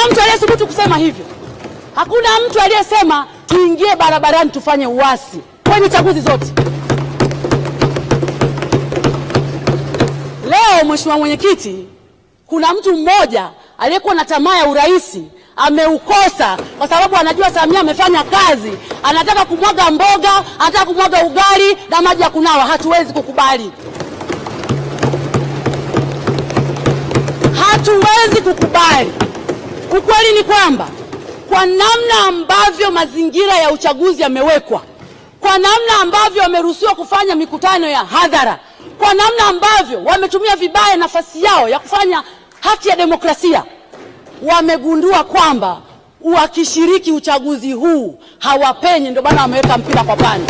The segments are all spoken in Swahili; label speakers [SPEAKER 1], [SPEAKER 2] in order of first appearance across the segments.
[SPEAKER 1] Hakuna mtu aliyethubutu kusema hivyo. Hakuna mtu aliyesema tuingie barabarani tufanye uasi kwenye chaguzi zote. Leo Mheshimiwa Mwenyekiti, kuna mtu mmoja aliyekuwa na tamaa ya urais ameukosa kwa sababu anajua Samia amefanya kazi, anataka kumwaga mboga, anataka kumwaga ugali na maji ya kunawa. Hatuwezi kukubali, hatuwezi kukubali. Ukweli ni kwamba kwa namna ambavyo mazingira ya uchaguzi yamewekwa, kwa namna ambavyo wameruhusiwa kufanya mikutano ya hadhara, kwa namna ambavyo wametumia vibaya nafasi yao ya kufanya haki ya demokrasia, wamegundua kwamba wakishiriki uchaguzi huu hawapenyi. Ndio maana wameweka mpira kwa pani.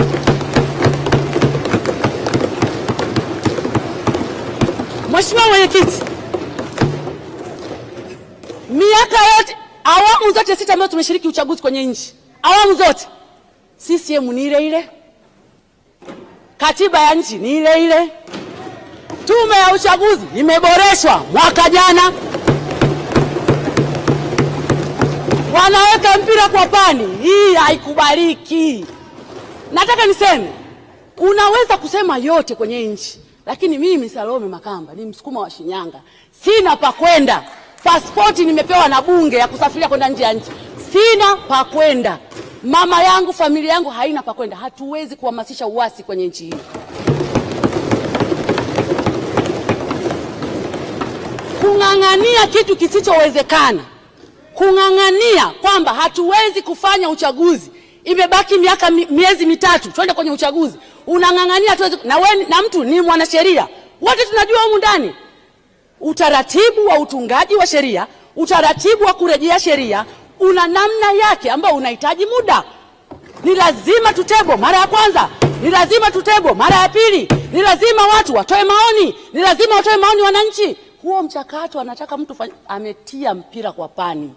[SPEAKER 1] Mheshimiwa Mwenyekiti, miaka yote, awamu zote sita ambazo tumeshiriki uchaguzi kwenye nchi, awamu zote CCM ni ile ile, katiba ya nchi ni ile ile, tume ya uchaguzi imeboreshwa mwaka jana, wanaweka mpira kwa pani. Hii haikubaliki. Nataka niseme unaweza kusema yote kwenye nchi, lakini mimi Salome Makamba ni msukuma wa Shinyanga, sina pa kwenda. Pasipoti nimepewa na bunge ya kusafiria kwenda nje ya nchi, sina pa kwenda. Mama yangu familia yangu haina pa kwenda. Hatuwezi kuhamasisha uasi kwenye nchi hii. Kung'ang'ania kitu kisichowezekana, kung'ang'ania kwamba hatuwezi kufanya uchaguzi, imebaki miaka miezi mitatu twende kwenye uchaguzi, unang'ang'ania tuwezi, na, we, na mtu ni mwanasheria, wote tunajua humu ndani utaratibu wa utungaji wa sheria, utaratibu wa kurejea sheria una namna yake ambayo unahitaji muda. Ni lazima tutebo mara ya kwanza, ni lazima tutebo mara ya pili, ni lazima watu watoe maoni, ni lazima watoe maoni wananchi. Huo mchakato anataka mtu ametia mpira kwa pani.